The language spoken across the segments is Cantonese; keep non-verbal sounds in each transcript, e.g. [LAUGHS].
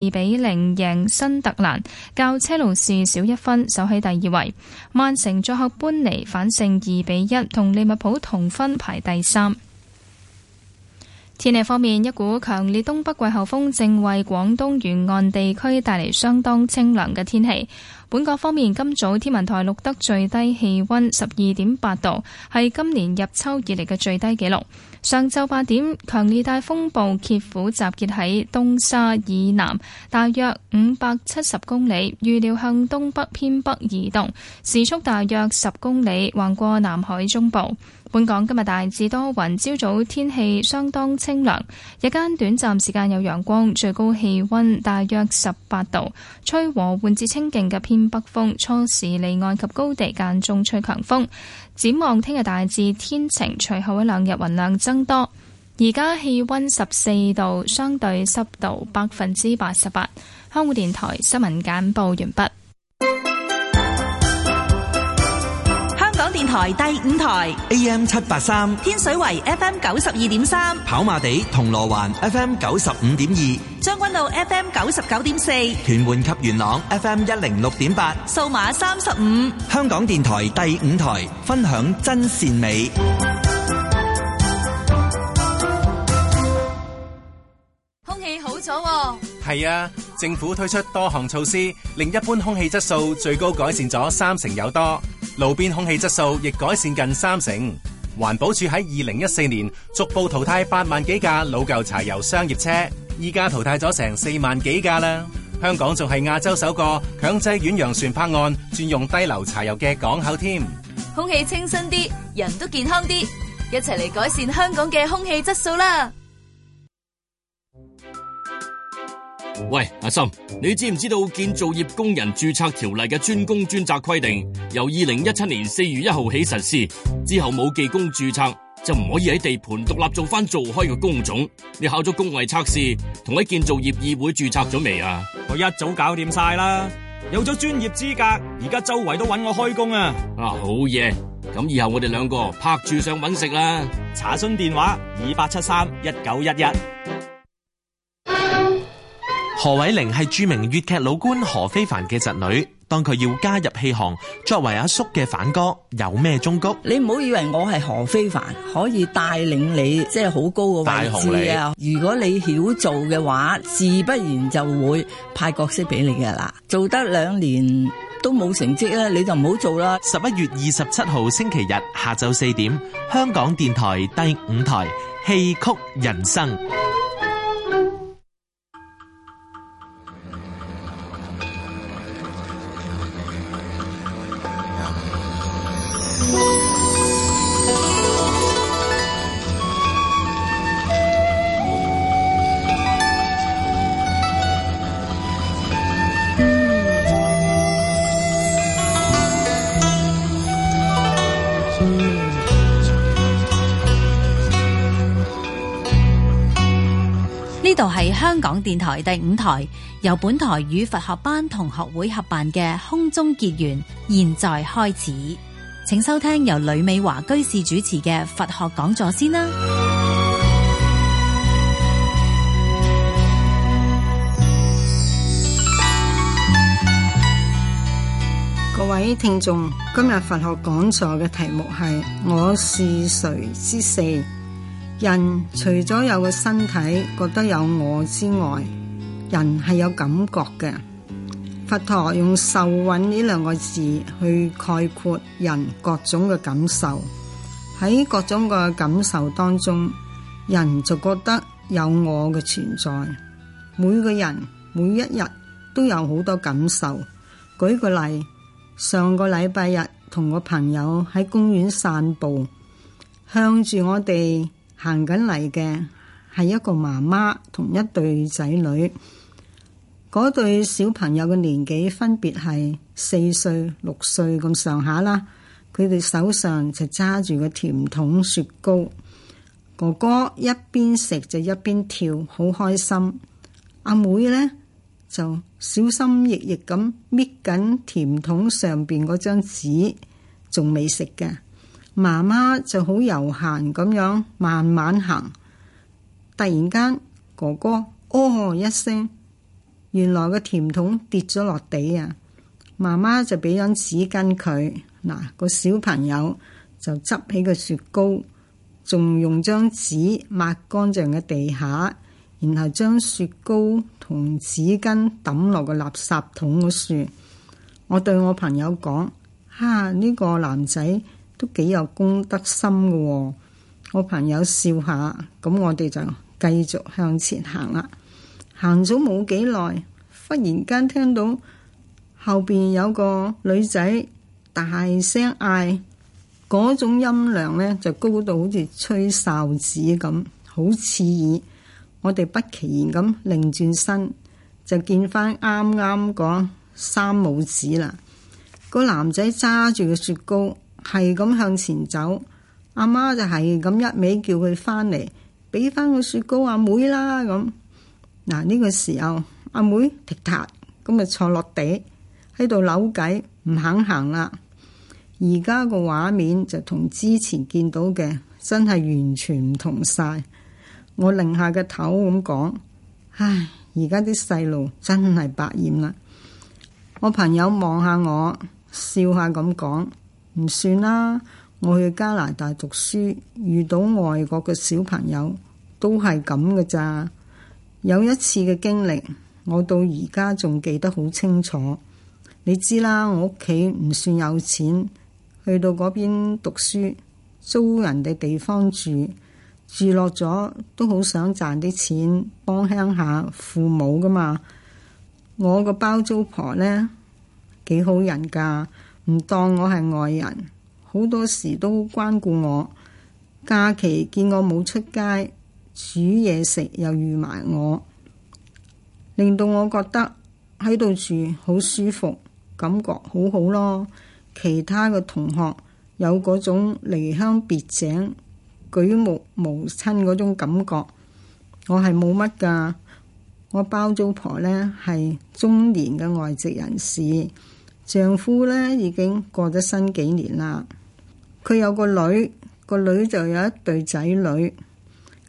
二比零贏新特蘭，較車路士少一分，首起第二位。曼城作客般尼，反勝二比一，同利物浦同分排第三。天氣方面，一股強烈東北季候風正為廣東沿岸地區帶嚟相當清涼嘅天氣。本港方面，今早天文台錄得最低氣溫十二點八度，係今年入秋以嚟嘅最低紀錄。上晝八點，強烈熱帶風暴蠍虎集結喺東沙以南大約五百七十公里，預料向東北偏北移動，時速大約十公里，橫過南海中部。本港今日大致多雲，朝早天氣相當清涼，日間短暫時間有陽光，最高氣溫大約十八度，吹和緩至清勁嘅偏北風，初時離岸及高地間中吹強風。展望聽日大致天晴，隨後一兩日雲量增多。而家氣溫十四度，相對濕度百分之八十八。香港電台新聞簡報完畢。電台第五台 AM 七八三，天水圍 FM 九十二點三，跑馬地銅鑼灣 FM 九十五點二，將軍澳 FM 九十九點四，屯門及元朗 FM 一零六點八，數碼三十五，香港電台第五台，分享真善美。空氣好咗，係啊！政府推出多項措施，令一般空氣質素最高改善咗三成有多，路邊空氣質素亦改善近三成。環保署喺二零一四年逐步淘汰八萬幾架老舊柴油商業車，依家淘汰咗成四萬幾架啦。香港仲係亞洲首個強制遠洋船泊岸轉用低硫柴油嘅港口添。空氣清新啲，人都健康啲，一齊嚟改善香港嘅空氣質素啦！喂，阿心，你知唔知道建造業工人註冊條例嘅專工專責規定由二零一七年四月一號起實施，之後冇技工註冊就唔可以喺地盤獨立做翻做開嘅工種。你考咗工藝測試同喺建造業議會註冊咗未啊？我一早搞掂晒啦，有咗專業資格，而家周圍都揾我開工啊！啊，好嘢！咁以後我哋兩個拍住上揾食啦。查詢電話：二八七三一九一一。何偉玲係著名粵劇老倌何非凡嘅侄女，當佢要加入戲行，作為阿叔嘅反哥，有咩忠告？你唔好以為我係何非凡，可以帶領你即係好高嘅位置啊！如果你曉做嘅話，自不然就會派角色俾你嘅啦。做得兩年都冇成績咧，你就唔好做啦。十一月二十七號星期日下晝四點，香港電台第五台《戲曲人生》。呢度係香港電台第五台，由本台與佛學班同學會合辦嘅空中結緣，現在開始，請收聽由呂美華居士主持嘅佛學講座先啦。各位聽眾，今日佛學講座嘅題目係《我是誰之四》。人除咗有個身體覺得有我之外，人係有感覺嘅。佛陀用受蘊呢兩個字去概括人各種嘅感受。喺各種嘅感受當中，人就覺得有我嘅存在。每個人每一日都有好多感受。舉個例，上個禮拜日同個朋友喺公園散步，向住我哋，行緊嚟嘅係一個媽媽同一對仔女，嗰對小朋友嘅年紀分別係四歲、六歲咁上下啦。佢哋手上就揸住個甜筒雪糕，哥哥一邊食就一邊跳，好開心。阿妹呢，就小心翼翼咁搣緊甜筒上邊嗰張紙，仲未食嘅。媽媽就好悠閒咁樣慢慢行，突然間哥哥哦、oh、一聲，原來個甜筒跌咗落地啊！媽媽就俾張紙巾佢，嗱，個小朋友就執起個雪糕，仲用張紙抹乾淨嘅地下，然後將雪糕同紙巾抌落個垃圾桶嗰處。我對我朋友講：哈呢、這個男仔！都幾有公德心嘅、哦。我朋友笑下，咁我哋就繼續向前行啦。行咗冇幾耐，忽然間聽到後邊有個女仔大聲嗌，嗰種音量呢，就高到好似吹哨子咁，好刺耳。我哋不其然咁擰轉身，就見翻啱啱講三母子啦。個男仔揸住個雪糕。係咁向前走，阿媽就係咁一味叫佢返嚟，俾翻個雪糕阿妹啦。咁嗱呢個時候，阿妹踢踏咁，咪坐落地喺度扭計，唔肯行啦。而家個畫面就同之前見到嘅真係完全唔同晒。我擰下個頭咁講，唉，而家啲細路真係百厭啦。我朋友望下我，笑下咁講。唔算啦，我去加拿大讀書，遇到外國嘅小朋友都係咁嘅咋。有一次嘅經歷，我到而家仲記得好清楚。你知啦，我屋企唔算有錢，去到嗰邊讀書，租人哋地方住，住落咗都好想賺啲錢幫鄉下父母噶嘛。我個包租婆呢，幾好人噶。唔當我係外人，好多時都關顧我。假期見我冇出街，煮嘢食，又預埋我，令到我覺得喺度住好舒服，感覺好好咯。其他嘅同學有嗰種離鄉別井、舉目無親嗰種感覺，我係冇乜㗎。我包租婆呢係中年嘅外籍人士。丈夫咧，已經過咗身幾年啦。佢有個女，個女就有一對仔女，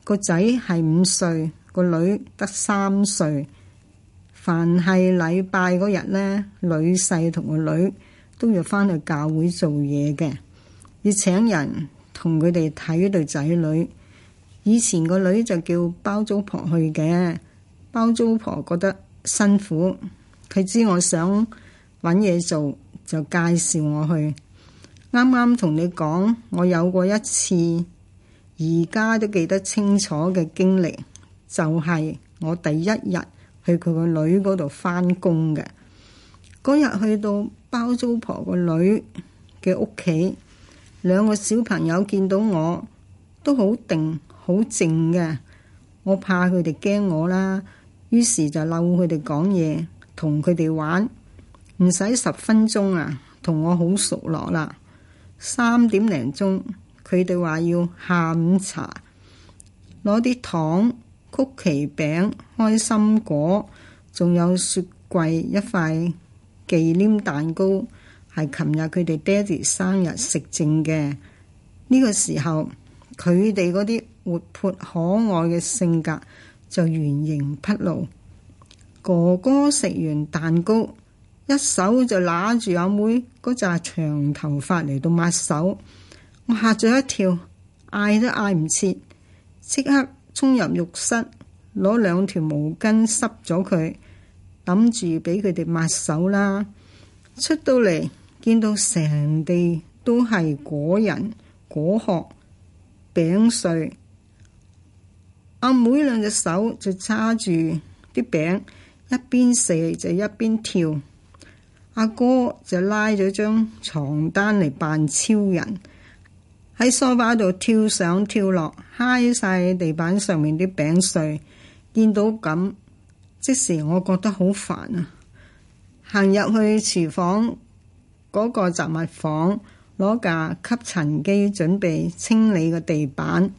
個仔係五歲，個女得三歲。凡係禮拜嗰日咧，女婿同個女都要翻去教會做嘢嘅，要請人同佢哋睇一對仔女。以前個女就叫包租婆去嘅，包租婆覺得辛苦，佢知我想揾嘢做就介紹我去。啱啱同你講，我有過一次而家都記得清楚嘅經歷，就係我第一日去佢個女嗰度返工嘅嗰日，去到包租婆個女嘅屋企，兩個小朋友見到我都好定好靜嘅。我怕佢哋驚我啦，於是就嬲佢哋講嘢，同佢哋玩。唔使十分鐘啊，同我好熟絡啦。三點零鐘，佢哋話要下午茶，攞啲糖曲奇餅、開心果，仲有雪櫃一塊忌廉蛋糕，係琴日佢哋爹哋生日食剩嘅。呢個時候，佢哋嗰啲活潑可愛嘅性格就原形畢露。哥哥食完蛋糕，一手就揦住阿妹嗰紮長頭髮嚟到抹手，我嚇咗一跳，嗌都嗌唔切，即刻衝入浴室攞兩條毛巾濕咗佢，揼住俾佢哋抹手啦。出到嚟見到成地都係果仁果殼餅碎，阿妹兩隻手就叉住啲餅，一邊食就一邊跳。阿哥就拉咗張床單嚟扮超人，喺梳化度跳上跳落，嗨晒地板上面啲餅碎。見到咁，即時我覺得好煩啊！行入去廚房嗰個雜物房，攞架吸塵機準備清理個地板。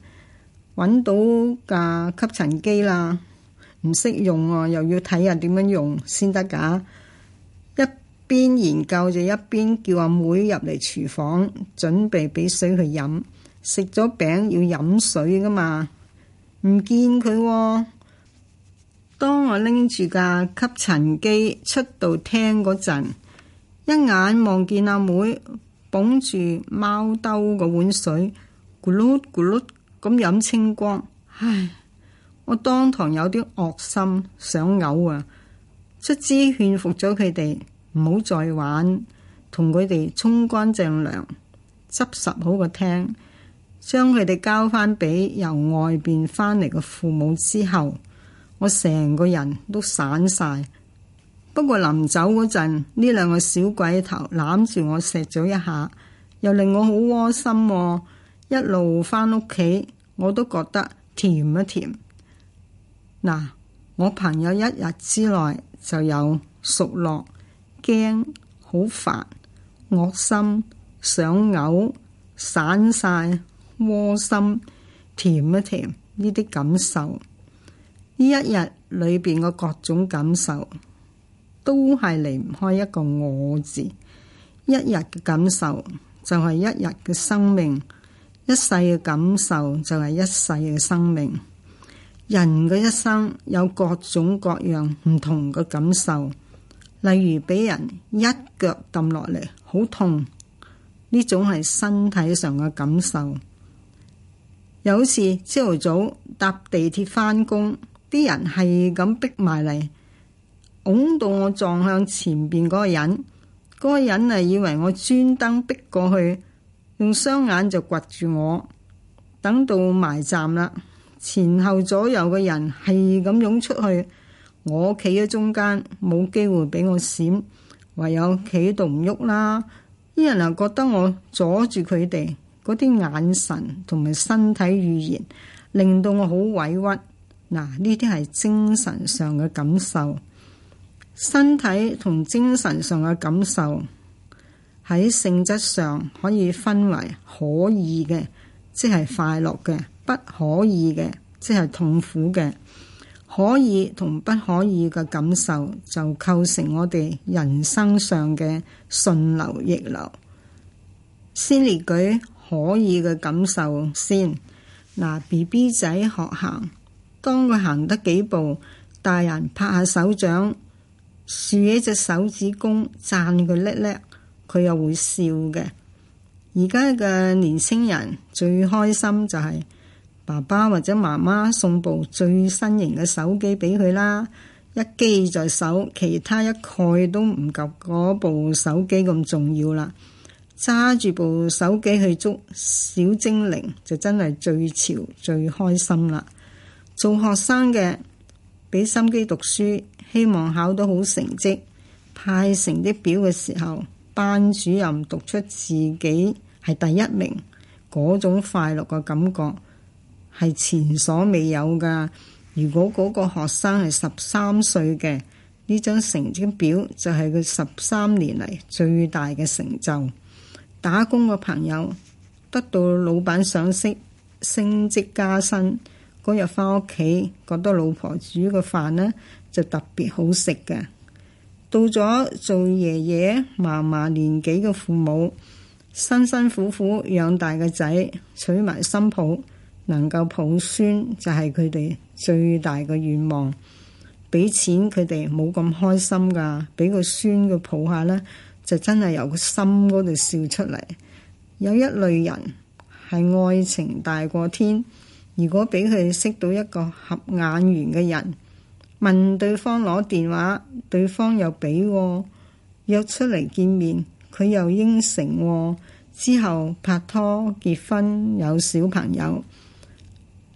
揾到架吸塵機啦，唔識用啊，又要睇下點樣用先得噶。邊研究就一邊叫阿妹入嚟廚房，準備俾水去飲，食咗餅要飲水噶嘛，唔見佢喎。當我拎住架吸塵機出到廳嗰陣，一眼望見阿妹捧住貓兜個碗水，咕嚕咕嚕咁飲清光。唉，我當堂有啲惡心，想嘔啊！卒之勸服咗佢哋。唔好再玩，同佢哋沖乾淨涼，執拾好個廳，將佢哋交返俾由外邊返嚟嘅父母之後，我成個人都散晒。不過臨走嗰陣，呢兩個小鬼頭攬住我錫咗一下，又令我好窩心喎。一路返屋企，我都覺得甜一甜。嗱，我朋友一日之內就有熟落。驚，好煩，噁心，想嘔，散曬，窩心，甜一甜，呢啲感受，呢一日裏邊嘅各種感受，都係離唔開一個我字。一日嘅感受就係一日嘅生命，一世嘅感受就係一世嘅生命。人嘅一生有各種各樣唔同嘅感受。例如俾人一腳抌落嚟，好痛！呢種係身體上嘅感受。有次朝頭早搭地鐵返工，啲人係咁逼埋嚟，擁到我撞向前邊嗰個人，嗰個人啊，以為我專登逼過去，用雙眼就掘住我。等到埋站啦，前後左右嘅人係咁湧出去。我企喺中間，冇機會俾我閃，唯有企度唔喐啦。啲人又覺得我阻住佢哋，嗰啲眼神同埋身體語言，令到我好委屈。嗱，呢啲係精神上嘅感受，身體同精神上嘅感受喺性質上可以分為可以嘅，即係快樂嘅；不可以嘅，即係痛苦嘅。可以同不可以嘅感受，就構成我哋人生上嘅順流逆流。先列舉可以嘅感受先。嗱，BB 仔學行，當佢行得幾步，大人拍下手掌，豎起隻手指公，讚佢叻叻，佢又會笑嘅。而家嘅年青人最開心就係，是。爸爸或者媽媽送部最新型嘅手機俾佢啦，一機在手，其他一概都唔及嗰部手機咁重要啦。揸住部手機去捉小精靈，就真係最潮、最開心啦。做學生嘅，俾心機讀書，希望考到好成績，派成績表嘅時候，班主任讀出自己係第一名，嗰種快樂嘅感覺。係前所未有㗎。如果嗰個學生係十三歲嘅，呢張成績表就係佢十三年嚟最大嘅成就。打工嘅朋友得到老闆賞識、升職加薪嗰日，返屋企覺得老婆煮嘅飯呢就特別好食嘅。到咗做爺爺嫲嫲年紀嘅父母，辛辛苦苦養大嘅仔娶埋新抱。能夠抱孫就係佢哋最大嘅願望。俾錢佢哋冇咁開心噶，俾個孫佢抱下呢，就真係由個心嗰度笑出嚟。有一類人係愛情大過天，如果俾佢識到一個合眼緣嘅人，問對方攞電話，對方又俾喎，約出嚟見面，佢又應承喎，之後拍拖結婚，有小朋友。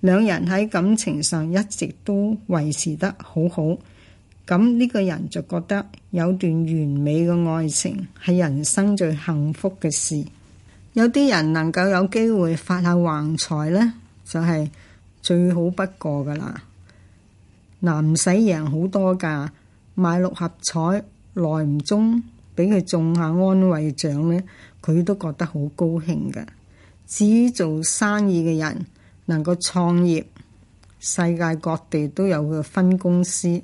兩人喺感情上一直都維持得好好，咁呢個人就覺得有段完美嘅愛情係人生最幸福嘅事。有啲人能夠有機會發下橫財呢，就係、是、最好不過噶啦。嗱、啊，唔使贏好多架，買六合彩，耐唔中，俾佢中下安慰獎呢，佢都覺得好高興嘅。至於做生意嘅人，能夠創業，世界各地都有個分公司，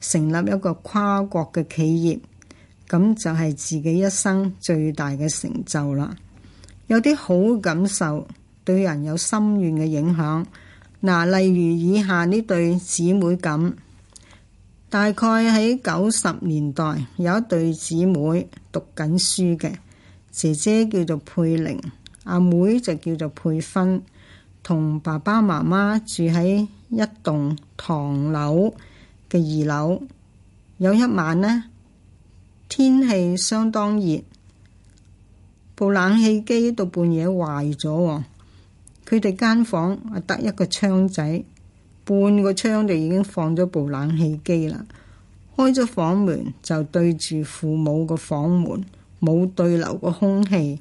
成立一個跨國嘅企業，咁就係自己一生最大嘅成就啦。有啲好感受對人有深遠嘅影響。嗱，例如以下呢對姊妹咁，大概喺九十年代有一對姊妹讀緊書嘅，姐姐叫做佩玲，阿妹就叫做佩芬。同爸爸媽媽住喺一棟唐樓嘅二樓，有一晚呢，天氣相當熱，部冷氣機到半夜壞咗喎。佢哋間房啊得一個窗仔，半個窗就已經放咗部冷氣機啦。開咗房門就對住父母個房門，冇對流個空氣，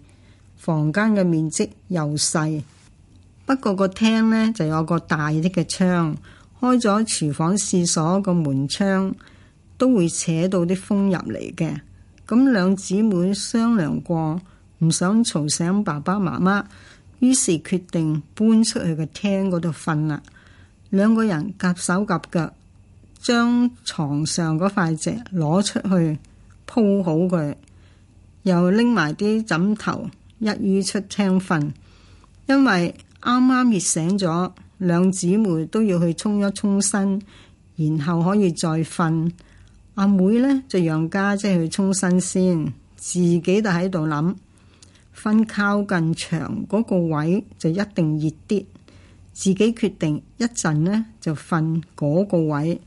房間嘅面積又細。不過個廳呢，就有個大啲嘅窗，開咗廚房、廁所個門窗都會扯到啲風入嚟嘅。咁兩姊妹商量過，唔想吵醒爸爸媽媽，於是決定搬出去個廳嗰度瞓啦。兩個人夾手夾腳將床上嗰塊席攞出去鋪好佢，又拎埋啲枕頭，一於出廳瞓，因為。啱啱熱醒咗，兩姊妹都要去沖一沖身，然後可以再瞓。阿妹呢，就讓家姐去沖身先，自己就喺度諗，瞓靠近牆嗰個位就一定熱啲。自己決定一陣呢，就瞓嗰個位，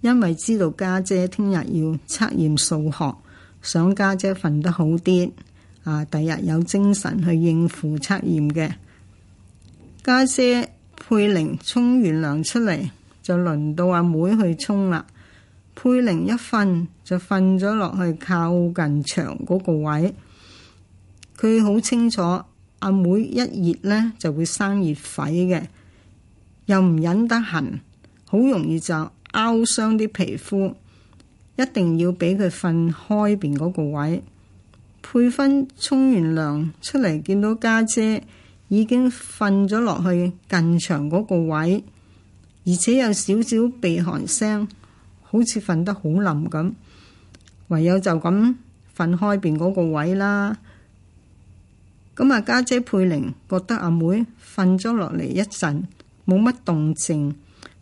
因為知道家姐聽日要測驗數學，想家姐瞓得好啲，啊，第日有精神去應付測驗嘅。家姐，姐佩玲沖完涼出嚟，就輪到阿妹，妹去沖啦。佩玲一瞓就瞓咗落去靠近牆嗰個位，佢好清楚阿妹一熱呢，就會生熱痱嘅，又唔忍得痕，好容易就拗傷啲皮膚，一定要俾佢瞓開邊嗰個位。佩芬沖完涼出嚟，見到家姐、姐。已經瞓咗落去近牆嗰個位，而且有少少鼻鼾聲，好似瞓得好冧咁。唯有就咁瞓開邊嗰個位啦。咁啊，家姐佩玲覺得阿妹瞓咗落嚟一陣冇乜動靜，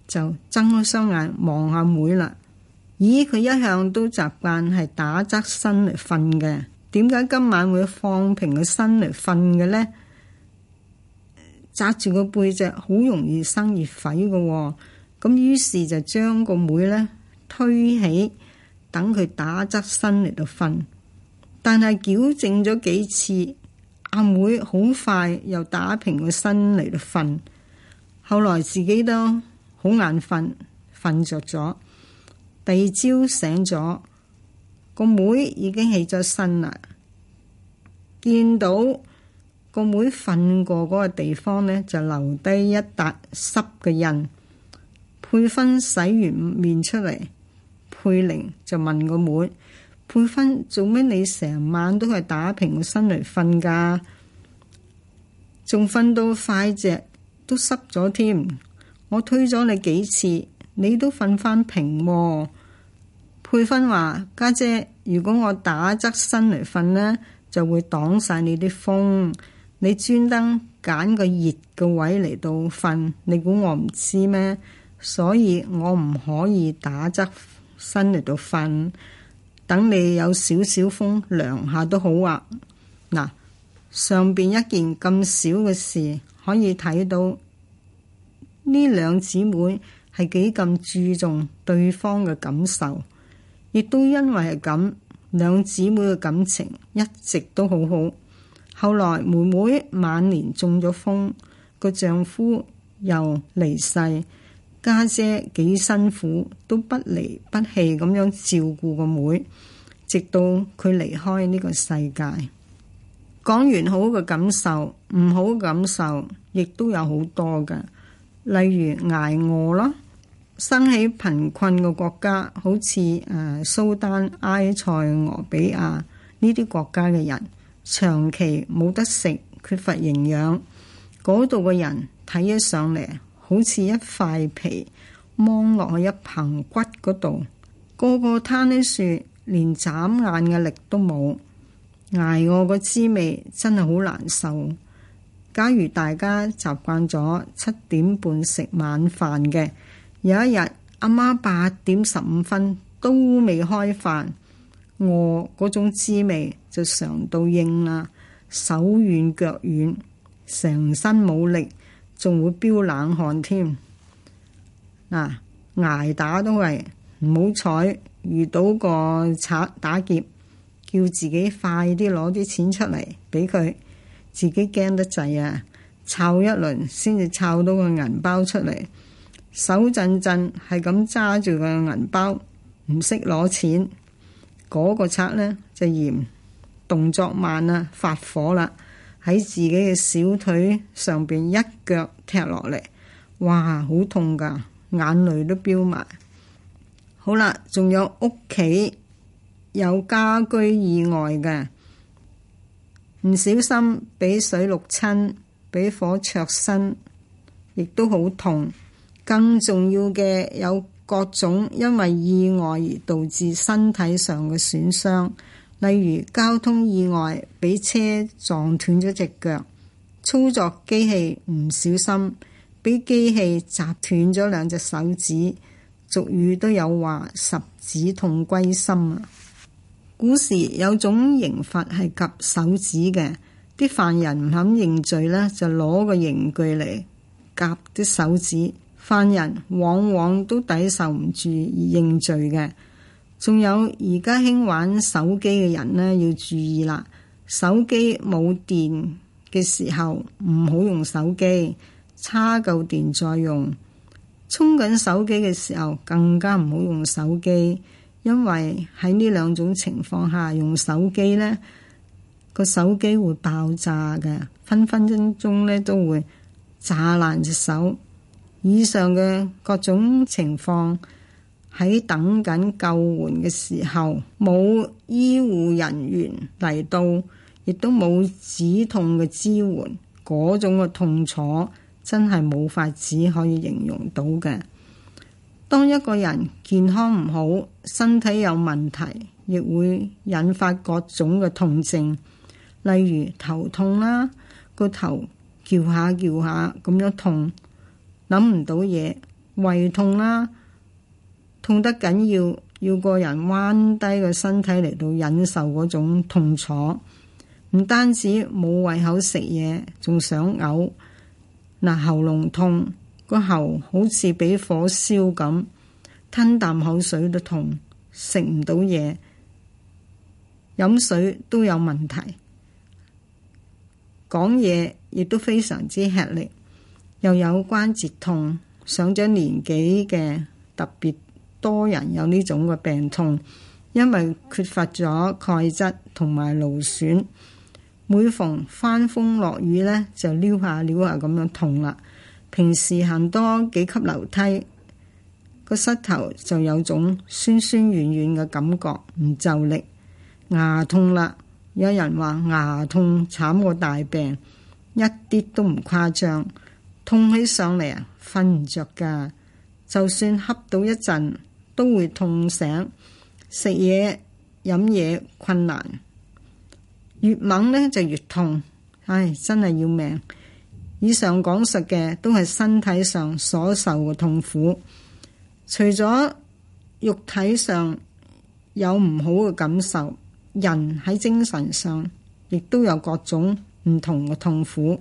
就睜開雙眼望阿妹啦。咦，佢一向都習慣係打側身嚟瞓嘅，點解今晚會放平個身嚟瞓嘅呢？扎住個背脊，好容易生熱痱噶。咁於是就將個妹呢推起，等佢打側身嚟到瞓。但係矯正咗幾次，阿妹好快又打平個身嚟到瞓。後來自己都好眼瞓，瞓着咗。第二朝醒咗，個妹，妹已經起咗身啦，見到。個妹瞓過嗰個地方呢，就留低一笪濕嘅印。佩芬洗完面出嚟，佩玲就問個妹，妹：佩芬，做咩？你成晚都係打平個身嚟瞓㗎？仲瞓到快隻都濕咗添。我推咗你幾次，你都瞓翻平喎。佩芬話：家姐，姐，如果我打側身嚟瞓呢，就會擋晒你啲風。你專登揀個熱嘅位嚟到瞓，你估我唔知咩？所以我唔可以打側身嚟到瞓，等你有少少風涼下都好啊。嗱，上邊一件咁小嘅事，可以睇到呢兩姊妹係幾咁注重對方嘅感受，亦都因為係咁，兩姊妹嘅感情一直都好好。後來妹妹晚年中咗風，個丈夫又離世，家姐幾辛苦，都不離不棄咁樣照顧個妹，妹，直到佢離開呢個世界。講完好嘅感受，唔好感受亦都有好多㗎，例如捱餓咯，生喺貧困嘅國家，好似誒蘇丹、埃塞俄比亞呢啲國家嘅人。長期冇得食，缺乏營養，嗰度嘅人睇起上嚟，好似一塊皮，掹落去一棚骨嗰度，個個攤喺樹，連眨眼嘅力都冇，挨餓個滋味真係好難受。假如大家習慣咗七點半食晚飯嘅，有一日阿媽八點十五分都未開飯，餓嗰種滋味。就常到應啦，手軟腳軟，成身冇力，仲會飆冷汗添。嗱、啊，挨打都係唔好彩，遇到個賊打劫，叫自己快啲攞啲錢出嚟俾佢，自己驚得滯啊！抄一輪先至抄到個銀包出嚟，手震震係咁揸住個銀包，唔識攞錢。嗰、那個賊呢，就嫌。動作慢啦，發火啦，喺自己嘅小腿上邊一腳踢落嚟，哇，好痛噶眼淚都飆埋。好啦，仲有屋企有家居意外嘅，唔小心俾水淥親，俾火灼身，亦都好痛。更重要嘅有各種因為意外而導致身體上嘅損傷。例如交通意外俾車撞斷咗隻腳，操作機器唔小心俾機器砸斷咗兩隻手指，俗語都有話十指痛歸心啊！古時有種刑罰係夾手指嘅，啲犯人唔肯認罪呢，就攞個刑具嚟夾啲手指，犯人往往都抵受唔住而認罪嘅。仲有而家興玩手機嘅人呢，要注意啦！手機冇電嘅時候唔好用手機，叉夠電再用。充緊手機嘅時候更加唔好用手機，因為喺呢兩種情況下用手機呢，個手機會爆炸嘅，分分鐘鐘呢都會炸爛隻手。以上嘅各種情況。喺等緊救援嘅時候，冇醫護人員嚟到，亦都冇止痛嘅支援，嗰種嘅痛楚真係冇法子可以形容到嘅。當一個人健康唔好，身體有問題，亦會引發各種嘅痛症，例如頭痛啦，個頭叫下叫下咁樣痛，諗唔到嘢，胃痛啦。痛得緊要，要個人彎低個身體嚟到忍受嗰種痛楚。唔單止冇胃口食嘢，仲想嘔。喉嚨痛，個喉好似俾火燒咁，吞啖口水都痛，食唔到嘢，飲水都有問題，講嘢亦都非常之吃力，又有關節痛，上咗年紀嘅特別。多人有呢種嘅病痛，因為缺乏咗鈣質同埋勞損。每逢翻風落雨呢，就撩下撩下咁樣痛啦。平時行多幾級樓梯，個膝頭就有種酸酸軟軟嘅感覺，唔就力。牙痛啦，有人話牙痛慘過大病，一啲都唔誇張。痛起上嚟啊，瞓唔着㗎，就算瞌到一陣。都會痛醒，食嘢飲嘢困難，越猛呢就越痛，唉，真係要命。以上講述嘅都係身體上所受嘅痛苦，除咗肉體上有唔好嘅感受，人喺精神上亦都有各種唔同嘅痛苦。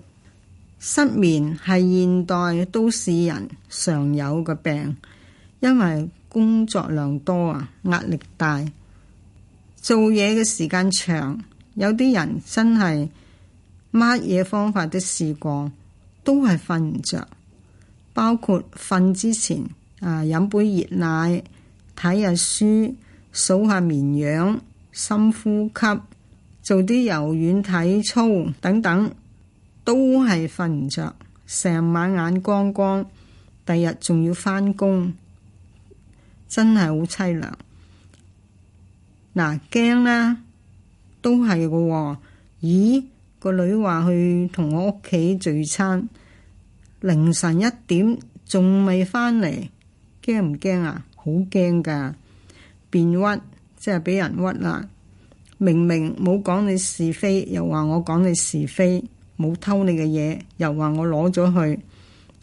失眠係現代都市人常有嘅病，因為。工作量多啊，壓力大，做嘢嘅時間長，有啲人真係乜嘢方法都試過，都係瞓唔着。包括瞓之前啊，飲杯熱奶、睇下書、數下綿羊、深呼吸、做啲柔軟體操等等，都係瞓唔着，成晚眼光光，第二日仲要返工。真係好淒涼嗱，驚啦，都係個、喔、咦，個女話去同我屋企聚餐，凌晨一點仲未返嚟，驚唔驚啊？好驚噶，變屈，即係俾人屈啦。明明冇講你是非，又話我講你是非，冇偷你嘅嘢，又話我攞咗去，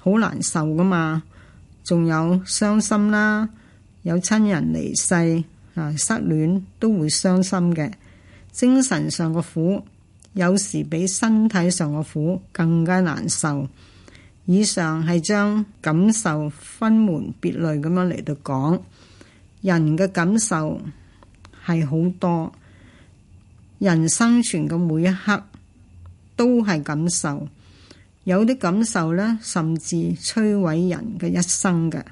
好難受噶嘛，仲有傷心啦。有親人離世啊，失戀都會傷心嘅，精神上嘅苦有時比身體上嘅苦更加難受。以上係將感受分門別類咁樣嚟到講，人嘅感受係好多，人生存嘅每一刻都係感受，有啲感受呢，甚至摧毀人嘅一生嘅。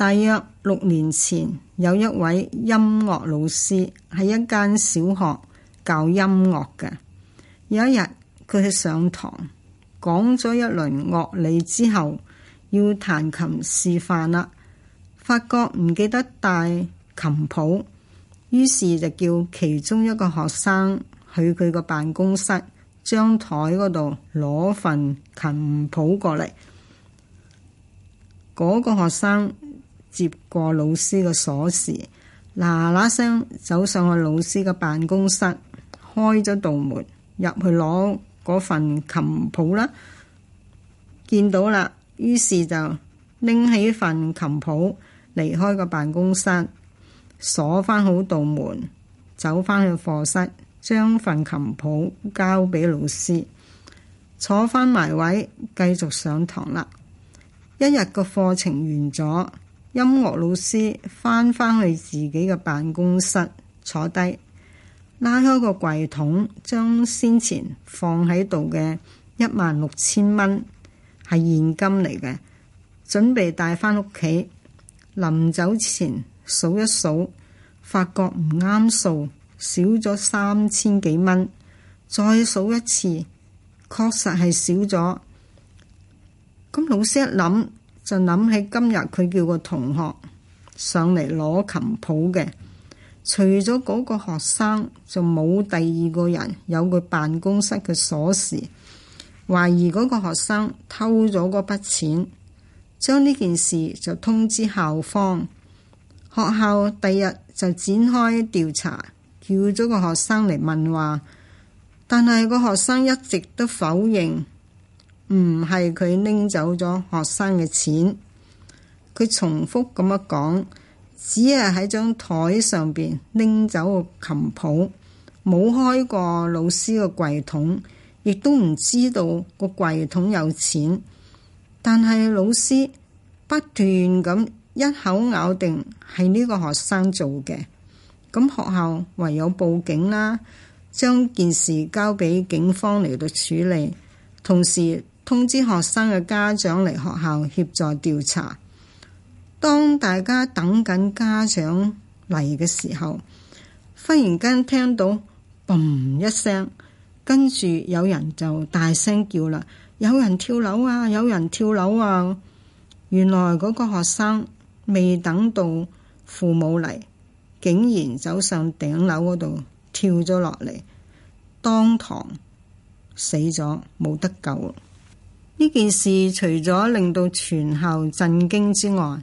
大約六年前，有一位音樂老師喺一間小學教音樂嘅。有一日，佢去上堂，講咗一輪樂理之後，要彈琴示範啦，發覺唔記得帶琴譜，於是就叫其中一個學生去佢個辦公室張台嗰度攞份琴譜過嚟，嗰個學生。接過老師嘅鎖匙，嗱嗱聲走上去老師嘅辦公室，開咗道門入去攞嗰份琴譜啦。見到啦，於是就拎起份琴譜離開個辦公室，鎖翻好道門，走翻去課室，將份琴譜交俾老師，坐翻埋位繼續上堂啦。一日個課程完咗。音樂老師返返去自己嘅辦公室坐低，拉開個櫃桶，將先前放喺度嘅一萬六千蚊係現金嚟嘅，準備帶返屋企。臨走前數一數，發覺唔啱數，少咗三千幾蚊。再數一次，確實係少咗。咁老師一諗。就諗起今日佢叫個同學上嚟攞琴譜嘅，除咗嗰個學生，就冇第二個人有佢辦公室嘅鎖匙，懷疑嗰個學生偷咗嗰筆錢，將呢件事就通知校方，學校第二日就展開調查，叫咗個學生嚟問話，但係個學生一直都否認。唔係佢拎走咗學生嘅錢，佢重複咁樣講，只係喺張台上邊拎走個琴譜，冇開過老師個櫃桶，亦都唔知道個櫃桶有錢。但係老師不斷咁一口咬定係呢個學生做嘅，咁學校唯有報警啦，將件事交俾警方嚟到處理，同時。通知學生嘅家長嚟學校協助調查。當大家等緊家長嚟嘅時候，忽然間聽到嘣一聲，跟住有人就大聲叫啦：有人跳樓啊！有人跳樓啊！原來嗰個學生未等到父母嚟，竟然走上頂樓嗰度跳咗落嚟，當堂死咗，冇得救。呢件事除咗令到全校震驚之外，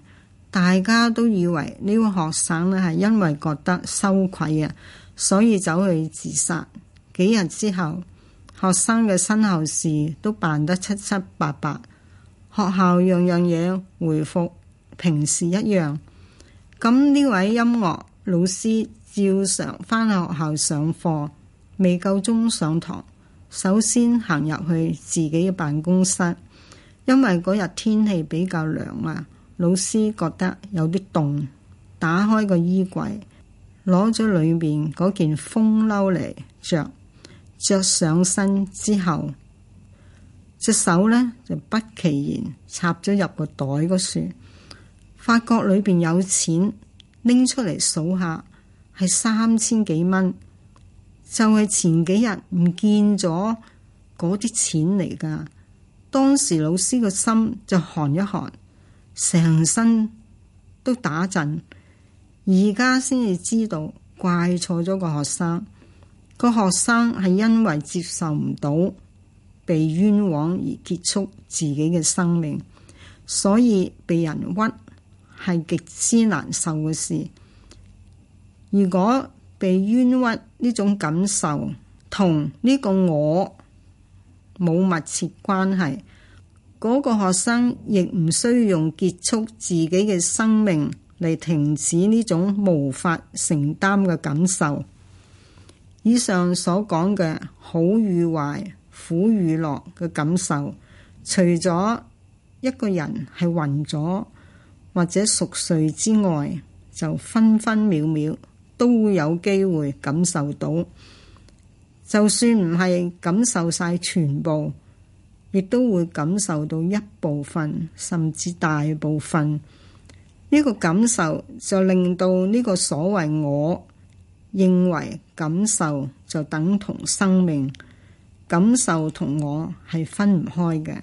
大家都以為呢位學生呢，係因為覺得羞愧啊，所以走去自殺。幾日之後，學生嘅身後事都辦得七七八八，學校樣樣嘢回復平時一樣。咁呢位音樂老師照常返學校上課，未夠鐘上堂。首先行入去自己嘅辦公室，因為嗰日天氣比較涼啦，老師覺得有啲凍，打開個衣櫃，攞咗裏面嗰件風褸嚟着，着上身之後，隻手呢就不其然插咗入個袋嗰處，發覺裏邊有錢，拎出嚟數下係三千幾蚊。就係前幾日唔見咗嗰啲錢嚟㗎，當時老師個心就寒一寒，成身都打震。而家先至知道怪錯咗個學生，個學生係因為接受唔到被冤枉而結束自己嘅生命，所以被人屈係極之難受嘅事。如果被冤屈呢種感受同呢個我冇密切關係，嗰個學生亦唔需要用結束自己嘅生命嚟停止呢種無法承擔嘅感受。以上所講嘅好與壞、苦與樂嘅感受，除咗一個人係暈咗或者熟睡之外，就分分秒秒。都會有機會感受到，就算唔係感受晒全部，亦都會感受到一部分，甚至大部分。呢個感受就令到呢個所謂我認為感受就等同生命，感受同我係分唔開嘅。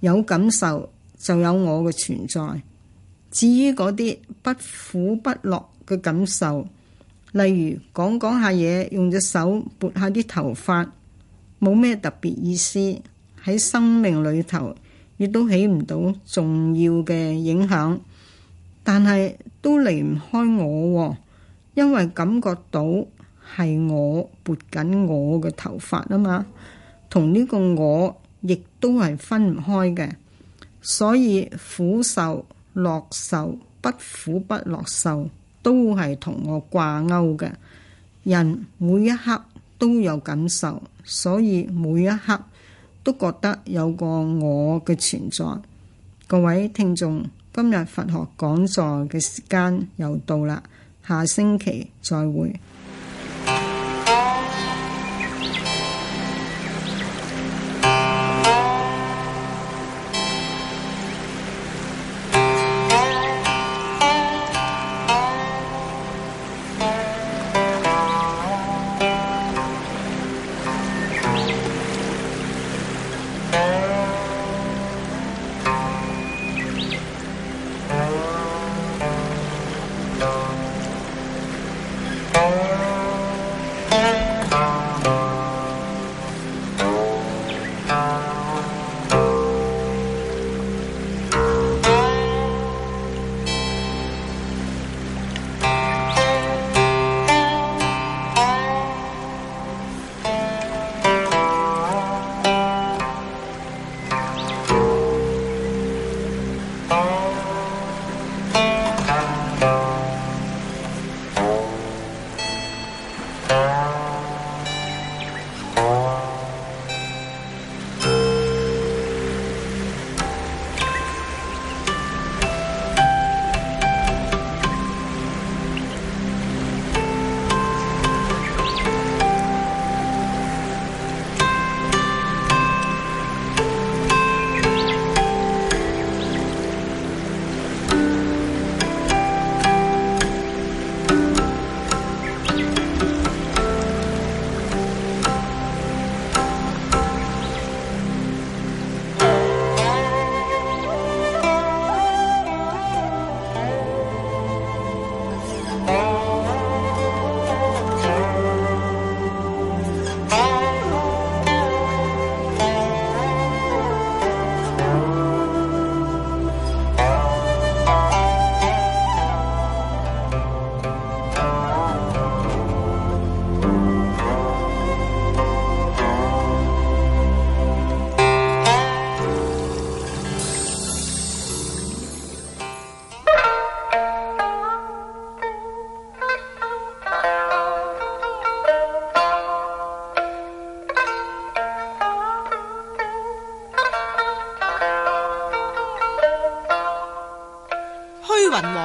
有感受就有我嘅存在。至於嗰啲不苦不樂嘅感受，例如講講下嘢，用隻手撥下啲頭髮，冇咩特別意思，喺生命裏頭亦都起唔到重要嘅影響，但係都離唔開我，因為感覺到係我撥緊我嘅頭髮啊嘛，同呢個我亦都係分唔開嘅，所以苦受、樂受、不苦不樂受，都係同我掛鈎嘅人，每一刻都有感受，所以每一刻都覺得有個我嘅存在。各位聽眾，今日佛學講座嘅時間又到啦，下星期再會。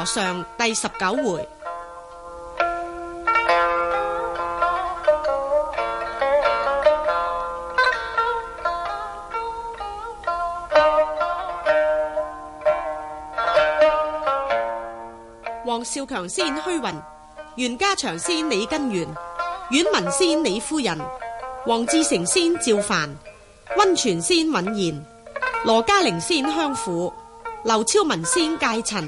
上第十九回，王少強先虛雲，袁家祥先李根源，阮文先李夫人，黃志成先趙凡，温泉先允賢，羅嘉玲先香虎，劉超文先戒塵。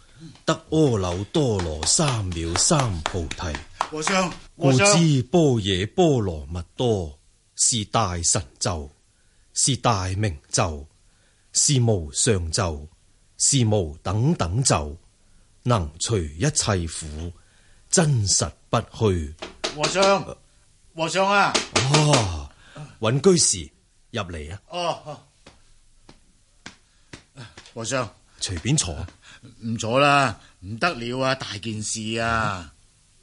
得阿耨多羅三藐三菩提。和尚，和尚故知般若波羅蜜多是大神咒，是大明咒，是無上咒，是無等等咒，能除一切苦，真實不虛。和尚，和尚啊！哇、哦！穩居士入嚟啊！哦，和尚，隨便坐。唔左啦，唔得了啊！大件事啊！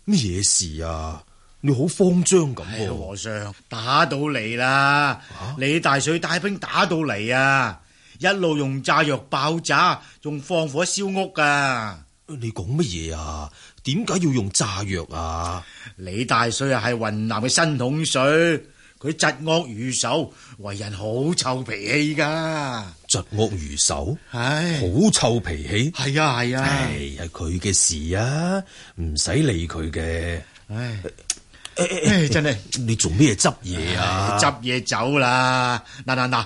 咩、啊、事啊？你好慌張咁、啊哎？和尚打到嚟啦！啊、李大水帶兵打到嚟啊！一路用炸藥爆炸，仲放火燒屋噶！你講乜嘢啊？點解、啊、要用炸藥啊？李大水啊，係雲南嘅新統帥。佢疾惡如仇，為人好臭脾氣噶。疾惡如仇，唉，好臭脾氣。係啊係啊，係係佢嘅事啊，唔使理佢嘅。唉，真係你做咩執嘢啊？執嘢走啦！嗱嗱嗱，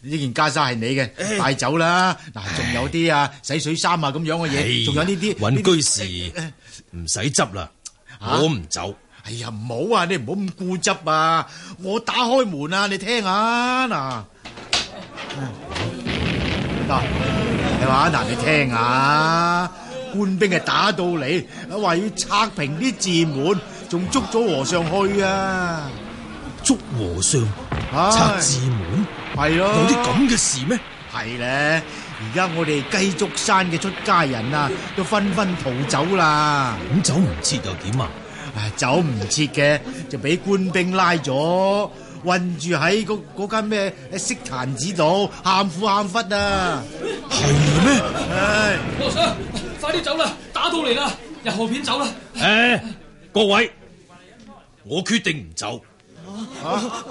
呢件袈裟係你嘅，帶走啦。嗱，仲有啲啊，洗水衫啊，咁樣嘅嘢，仲有呢啲。搵居士唔使執啦，我唔走。哎呀，唔好啊！你唔好咁固執啊！我打開門啊，你聽下嗱，嗱係嘛，嗱、啊啊、你聽下，官兵係打到嚟，話要拆平啲寺門，仲捉咗和尚去啊！捉和尚，拆寺門，係咯、啊，啊、有啲咁嘅事咩？係咧、啊，而家我哋雞足山嘅出家人啊，都紛紛逃走啦。咁走唔切又點啊？走唔切嘅就俾官兵拉咗，困住喺嗰間咩色壇子度，喊苦喊忽啊！係咩嗎？係和尚，上啊、快啲走啦！打到嚟啦！入後便走啦！唉、哎，各位，我決定唔走。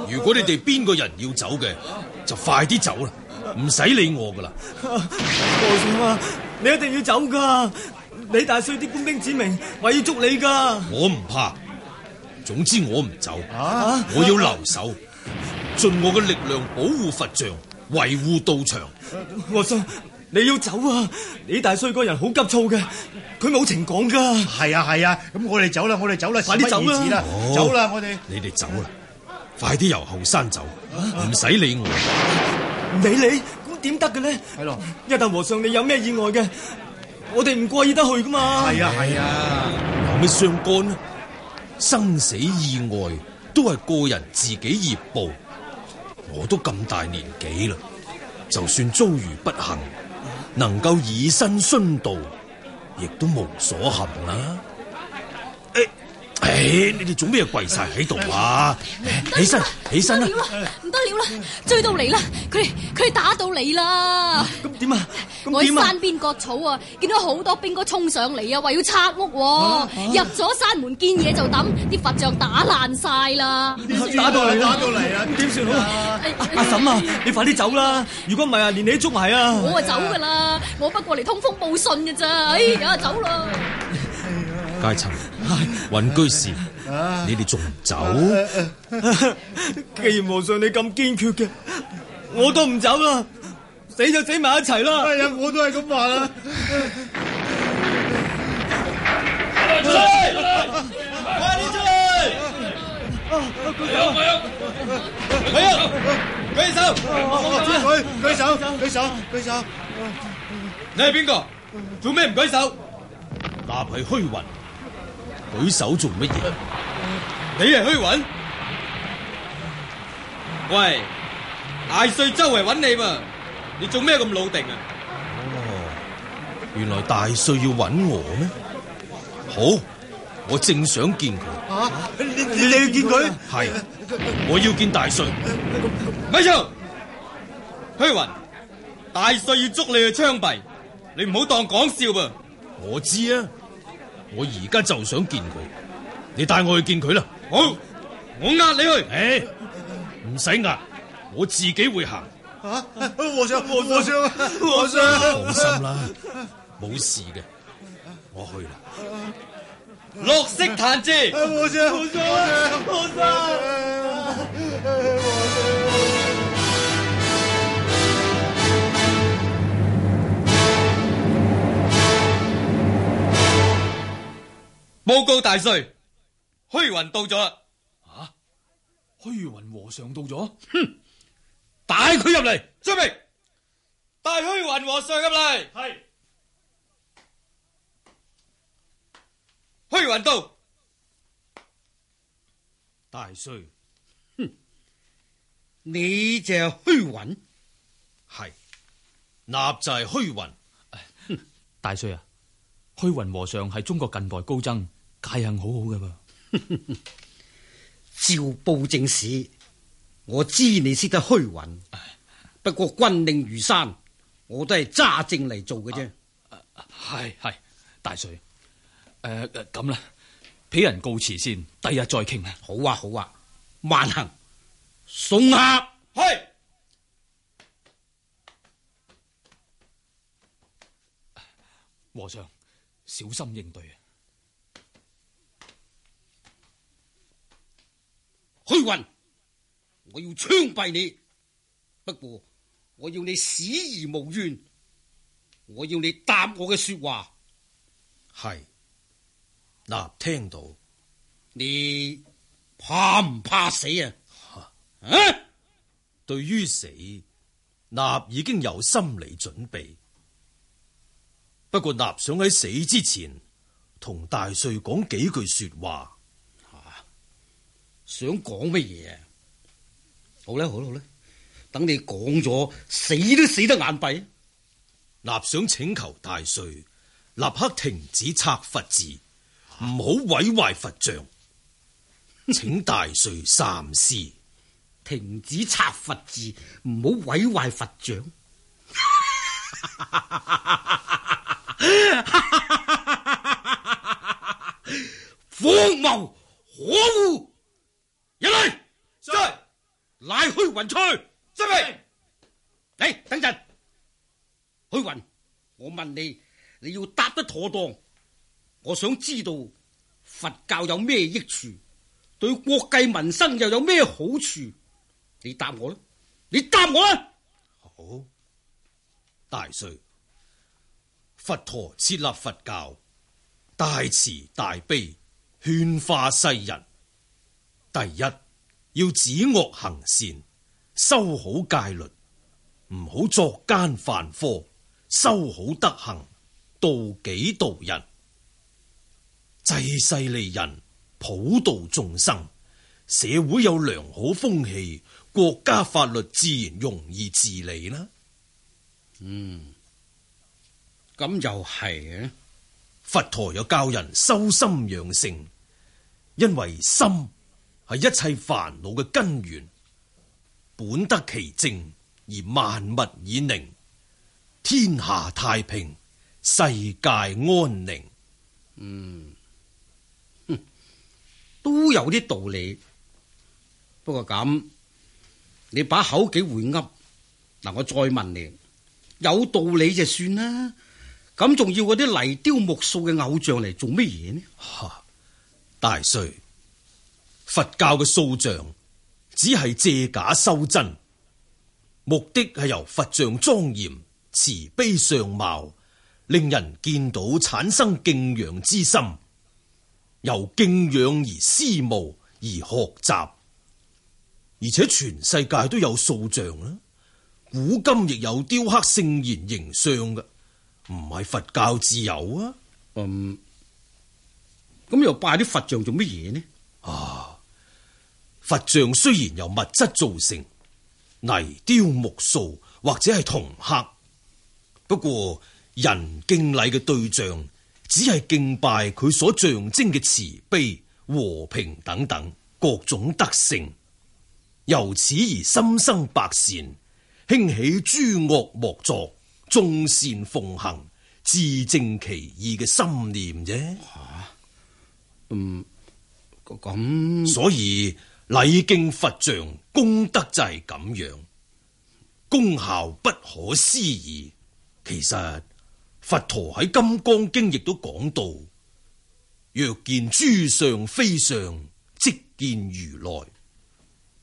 如果你哋邊個人要走嘅，就快啲走啦，唔使理我噶啦。和尚啊，你一定要走噶！李大帥啲官兵指明話要捉你噶。我唔怕，總之我唔走，我要留守，盡我嘅力量保護佛像，維護道場。和尚，你要走啊！李大帥嗰人好急躁嘅，佢冇情講噶係啊係啊咁、啊、我哋走啦，我哋走啦，快啲走啦，走啦，哦、走我哋。你哋走啦，快啲由後山走，唔使理我。唔理你，咁點得嘅咧？係咯，一旦和尚你有咩意外嘅？我哋唔過意得去噶嘛？係啊係啊，有咩、啊、相干呢？生死意外都係個人自己業報。我都咁大年紀啦，就算遭遇不幸，能夠以身殉道，亦都無所幸啦、啊。誒、哎，你哋做咩跪晒喺度啊？起身，起身啦！唔得了啦，追到嚟啦！佢佢打到嚟啦！咁點啊？我山邊割草啊，見到好多兵哥衝上嚟啊，話要拆屋，入咗山門見嘢就抌，啲佛像打爛晒啦！打到嚟打到嚟啊！點算好啊？阿阿嬸啊，你快啲走啦！如果唔係啊，連你都捉埋啊！我啊走噶啦，我不過嚟通風報信噶咋？哎呀，走啦！大臣，雲居士，你哋仲唔走？既然皇上你咁堅決嘅，我都唔走啦，死就死埋一齊啦。係啊，我都係咁話啦。出嚟，快啲出嚟！有冇？冇，冇，舉手，舉手，舉手，舉手，舉手。你係邊個？做咩唔舉手？朕係虛雲。舉手做乜嘢？你係虛雲？喂，大帥周圍揾你噃，你做咩咁老定啊？哦，原來大帥要揾我咩？好，我正想見佢。啊，你你要見佢？係， [LAUGHS] 我要見大帥。咪嘈，虛雲，大帥要捉你去槍斃，你唔好當講笑噃。我知啊。我而家就想見佢，你帶我去見佢啦。好，我呃你去。唉、哎，唔使呃，我自己會行。啊，和尚，和尚，和尚。和尚，放心啦，冇、啊、事嘅，我去啦。啊、綠色彈珠、啊。和尚，和尚，和尚，和尚。和尚。報告大帥，虛雲到咗啦！啊，虛雲和尚到咗？哼、嗯，帶佢入嚟，準備帶虛雲和尚入嚟。係是虛雲到，大帥帥，哼、嗯，你就係虛雲？係，那就係虛雲。 [LAUGHS] 大帥啊，虛雲和尚係中國近代高僧。戒行好好嘅噃， [LAUGHS] 照布政使，我知你識得虛雲，唉不過軍令如山，我都係揸正嚟做嘅啫。係係、啊啊、大帥，誒咁啦，俾人告辭先，第日再傾啦、啊。好啊好啊，慢行。送客。係是和尚，小心應對。虛雲，我要槍斃你，不過我要你死而無怨，我要你答我嘅說話。係，納聽到。你怕唔怕死啊？ [LAUGHS] 啊！對於死，納已經有心理準備。不過，納想喺死之前同大帥講幾句說話。想講乜嘢？好啦，好啦，好啦，等你講咗，死都死得眼閉。立想請求大帥立刻停止拆佛寺，唔好毀壞佛像，請大帥三思， [LAUGHS] 停止拆佛寺，唔好毀壞佛像。 [LAUGHS] 荒謬，可惡！乃虛雲出，準備嚟，等陣。虛雲，我問你，你要答得妥當。我想知道佛教有咩益處，對國計民生又有咩好處？你答我啦，你答我啦。好，大帥，佛陀設立佛教，大慈大悲，勸化世人。第一。要止惡行善，修好戒律，唔好作奸犯科，修好德行，度己度人，濟世利人，普度眾生，社會有良好風氣，國家法律自然容易治理啦。嗯，咁又係，佛陀有教人修心養性，因為心。係一切煩惱嘅根源，本得其正而萬物以寧，天下太平，世界安寧。嗯，哼，都有啲道理。不過咁，你把口幾回噏，嗱，我再問你，有道理就算啦。咁仲要嗰啲泥雕木塑嘅偶像嚟做咩嘢呢？ [LAUGHS] 大帥。佛教嘅塑像只係借假修真，目的係由佛像莊嚴慈悲相貌，令人見到產生敬仰之心，由敬仰而思慕而學習。而且全世界都有塑像啦，古今亦有雕刻聖賢形象嘅，唔係佛教自有啊。嗯，咁又拜啲佛像做乜嘢呢？啊！佛像雖然由物質造成，泥雕木塑或者係銅刻，不過人敬禮嘅對象，只係敬拜佢所象徵嘅慈悲、和平等等各種德性，由此而心生百善，興起諸惡莫作、眾善奉行、自正其意嘅心念啫。吓、啊，嗯，咁所以。禮敬佛像，功德就係咁樣，功效不可思議。其實佛陀喺《金剛經》亦都講到：若見諸相非相，即見如來，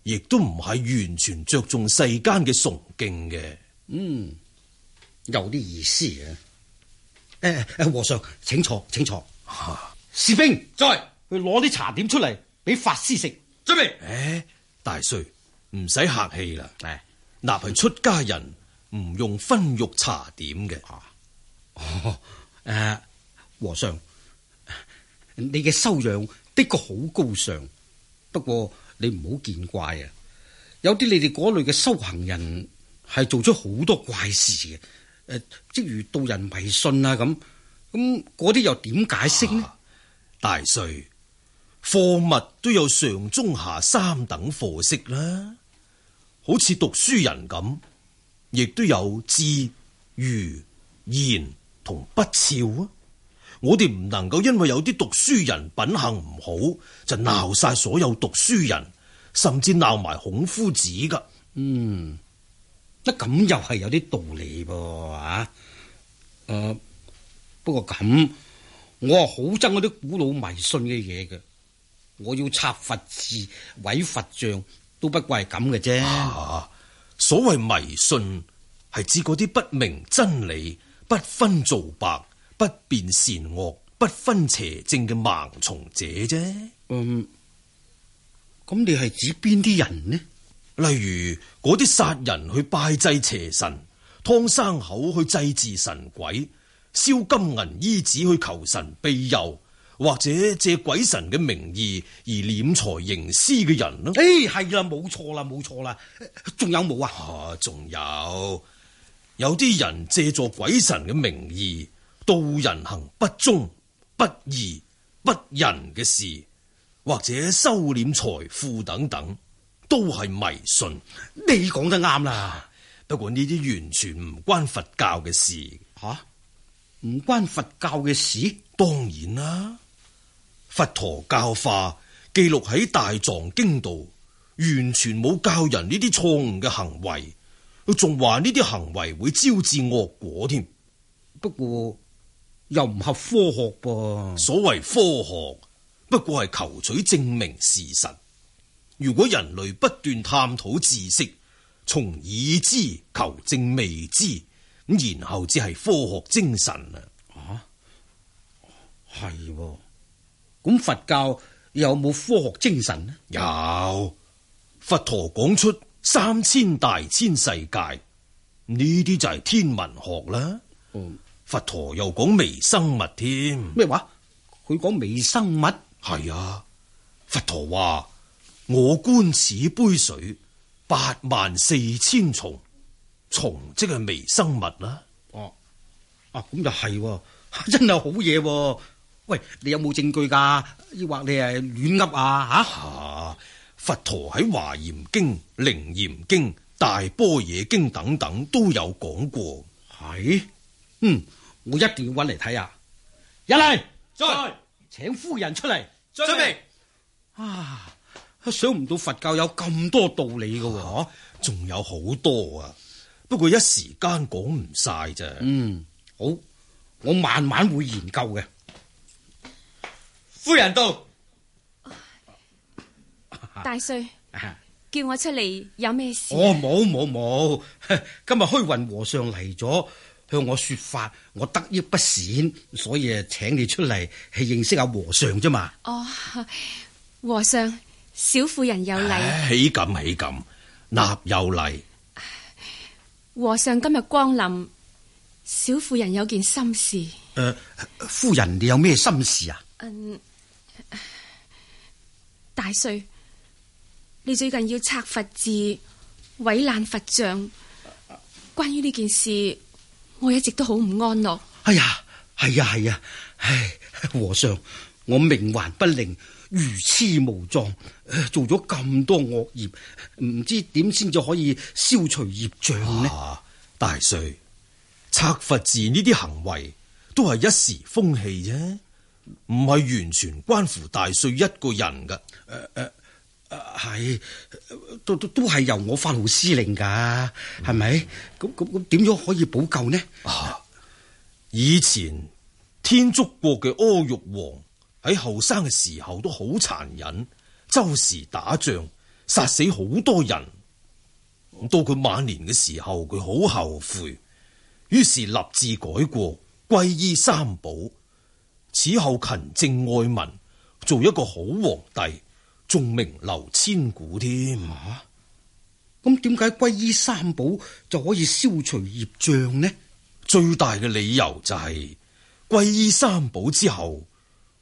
亦都唔係完全着重世間嘅崇敬嘅。嗯，有啲意思啊。誒、啊，和尚，請坐，請坐。哈士兵，再去攞啲茶點出嚟俾法師食。準備誒、欸，大帥唔使客氣啦。嗱、欸，凡係出家人唔用葷肉茶點嘅。啊、哦誒、啊，和尚，你嘅修養的確好高尚。不過你唔好見怪啊，有啲你哋嗰類嘅修行人係做咗好多怪事嘅。誒、啊，即如導人迷信啊咁，咁嗰啲又點解釋呢、啊？大帥。貨物都有上中下三等貨色啦，好似讀書人咁，亦都有智愚賢同不肖啊！我哋唔能夠因為有啲讀書人品行唔好就鬧晒所有讀書人，嗯、甚至鬧埋孔夫子噶。嗯，啊咁又係有啲道理噃啊！誒、啊，不過咁我啊好憎嗰啲古老迷信嘅嘢嘅。我要拆佛寺、毀佛像，都不過係咁嘅啫。所謂迷信，係指嗰啲不明真理、不分皂白、不辨善惡、不分邪正嘅盲從者啫。嗯，咁你係指邊啲人呢？例如嗰啲殺人去拜祭邪神、劏生口去祭祀神鬼、燒金銀衣紙去求神庇佑。或者借鬼神嘅名義而斂財營私嘅人啦，誒係啦，冇錯啦，冇錯啦，仲有冇啊？吓、哎，仲有有啲、啊、人借助鬼神嘅名義，道人行不忠不義不仁嘅事，或者收斂財富等等，都係迷信。你講得啱啦， [LAUGHS] 不過呢啲完全唔關佛教嘅事吓，唔、啊、關佛教嘅事，當然啦。佛陀教化記錄喺大藏經度，完全冇教人呢啲錯誤嘅行為，佢仲話呢啲行為會招致惡果添。不過又唔合科學噃。所謂科學，不過係求取證明事實。如果人類不斷探討知識，從已知求證未知，咁然後只係科學精神啦。啊，係、啊。咁佛教有冇科學精神呢？有，佛陀講出三千大千世界，呢啲就係天文學啦。嗯，佛陀又講微生物添。咩話？佢講微生物？係啊，佛陀話我觀此杯水八萬四千蟲，蟲即係微生物啦。哦，啊，啊咁又係，真係好嘢，啊。喂，你有冇證據噶？抑或你係亂噏啊？吓、啊啊！佛陀喺華嚴經、楞嚴經、大般若經等等都有講過。係，嗯，我一定要搵嚟睇啊！入嚟，再醉！請夫人出嚟。張明名啊，想唔到佛教有咁多道理噶、啊，仲、啊、有好多啊！不過一時間講唔晒咋。嗯，好，我慢慢會研究嘅。夫人到，大帥叫我出嚟有咩事？哦，冇冇冇，今日虛雲和尚嚟咗，向我說法，我得益不淺，所以啊，請你出嚟去認識下和尚啫嘛。哦，和尚，小婦人有禮，豈敢豈敢，納有禮。和尚今日光臨，小婦人有件心事。誒、呃，夫人你有咩心事啊？嗯。大帥，你最近要拆佛寺毀爛佛像，關於呢件事，我一直都好唔安樂。哎呀，係啊，係啊。唉，和尚，我冥頑不靈，愚痴無狀，做咗咁多惡業，唔知點先至可以消除業障呢？啊，大帥，拆佛寺呢啲行為都係一時風氣啫。唔係完全關乎大帥一個人噶，誒誒係都都都係由我發號司令噶，係咪，嗯？咁咁咁，點樣可以補救呢？啊，以前天竺國嘅阿育王喺後生嘅時候都好殘忍，周時打仗殺死好多人。嗯，到佢晚年嘅時候，佢好後悔，於是立志改過，皈依三寶。此後勤政愛民，做一個好皇帝，仲名留千古添。啊！咁點解皈依三寶就可以消除業障呢？最大嘅理由就係皈依三寶之後，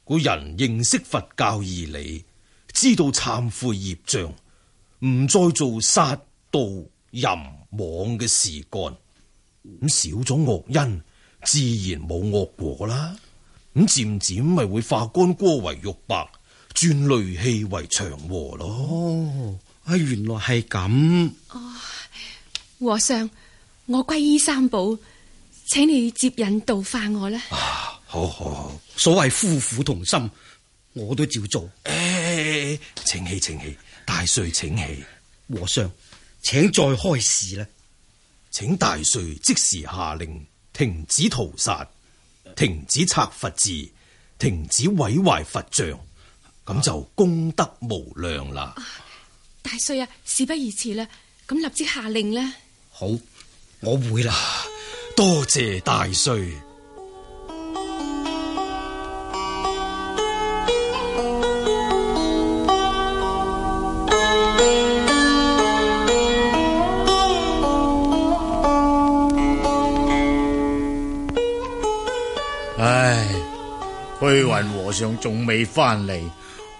個人認識佛教義理，知道懺悔業障，唔再做殺盜淫妄嘅事幹，咁少咗惡因，自然冇惡果啦。咁漸漸咪會化干戈為玉帛，轉戾氣為祥和咯。啊、哦，原來係咁。哦，和尚，我皈依三寶，請你接引度化我啦。啊，好好好，好，所謂夫婦同心，我都照做。誒、哎，請起，請起，大帥請起。和尚，請再開示啦。請大帥即時下令停止屠殺。停止拆佛字，停止毀壞佛像，咁就功德無量啦，啊！大帥啊，事不宜遲啦，咁立即下令啦！好，我會啦，多謝大帥。虛雲和尚仲未翻嚟，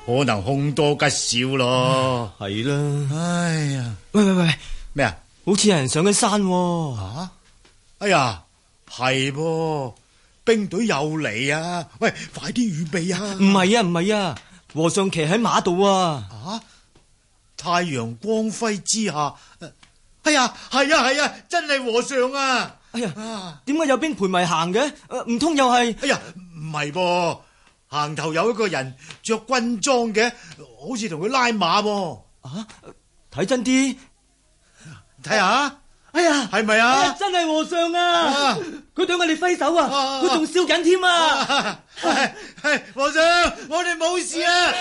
可能凶多吉少咯。係啦，哎呀，喂喂喂，咩啊？好似有人上緊山，吓！哎呀，係噃，兵隊又嚟啊！喂，快啲預備啊！唔係啊，唔係啊，和尚騎喺馬度啊！吓、啊？太陽光輝之下，哎呀，係啊係啊，啊，真係和尚啊！哎呀，點解有兵陪埋行嘅？唔通又係？哎呀！唔係噃，行頭有一個人着軍裝嘅，好似同佢拉馬喎。啊，睇真啲，睇下。哎呀，係咪啊？真係和尚啊！佢對我哋揮手啊，佢仲笑緊添啊！和尚，我哋冇事啊！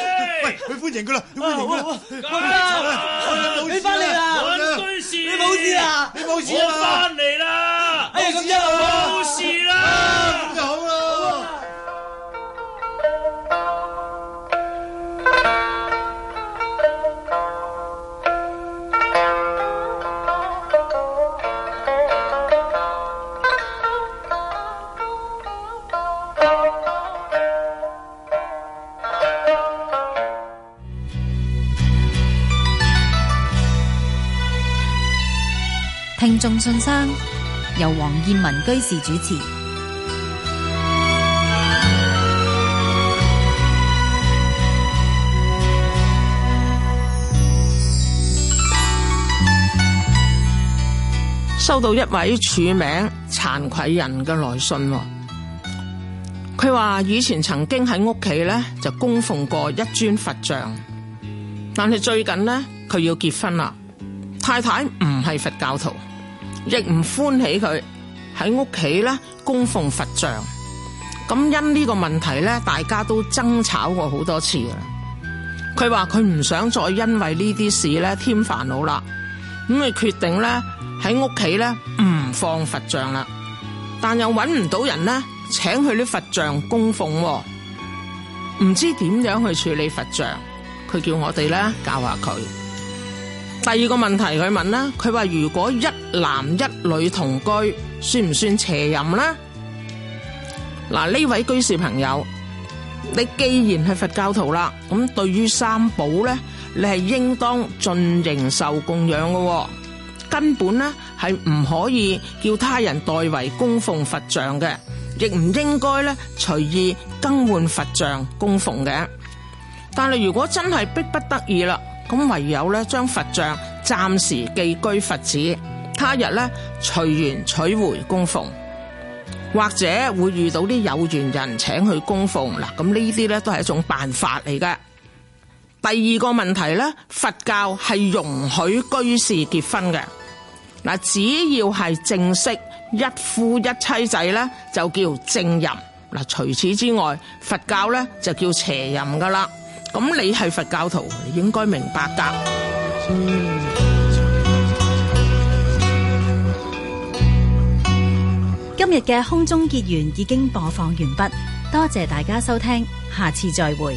喂，去歡迎佢啦，歡迎佢啦！好啦，你翻嚟啦，你冇事啊？你冇事啊？我翻嚟啦！哎呀，咁一路冇事啦，咁就好啦。信山由黃燕文居士主持。收到一位署名慚愧人嘅來信，佢話以前曾經喺屋企呢就供奉過一尊佛像，但係最近呢，佢要結婚啦，太太唔係佛教徒，亦唔歡喜佢喺屋企咧供奉佛像，咁因呢個問題咧，大家都爭吵過好多次啦。佢話佢唔想再因為呢啲事咧添煩惱啦，咁佢決定咧喺屋企咧唔放佛像啦，但又揾唔到人咧請佢啲佛像供奉，唔知點樣去處理佛像，佢叫我哋咧教下佢。第二個問題佢問啦，佢話如果一男一女同居，算唔算邪淫呢？嗱，呢位居士朋友，你既然係佛教徒啦，咁對於三寶呢，你係應當盡形受供養㗎，根本呢係唔可以叫他人代為供奉佛像嘅，亦唔應該呢隨意更換佛像供奉嘅。但係如果真係逼不得已啦。咁唯有咧，將佛像暫時寄居佛寺，他日咧隨緣取回供奉，或者會遇到啲有緣人請去供奉嗱。咁呢啲咧都係一種辦法嚟㗎。第二個問題咧，佛教係容許居士結婚嘅嗱，只要係正式一夫一妻制咧，就叫正淫嗱。除此之外，佛教咧就叫邪淫噶啦。咁你係佛教徒，你應該明白㗎。嗯，今日嘅空中結緣已經播放完畢，多謝大家收聽，下次再會。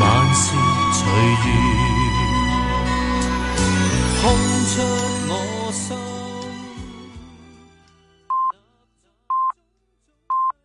萬事隨緣。